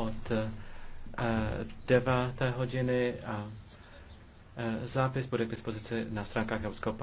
od 9. Eh, hodiny a eh, zápis bude k dispozici na stránkách Evropského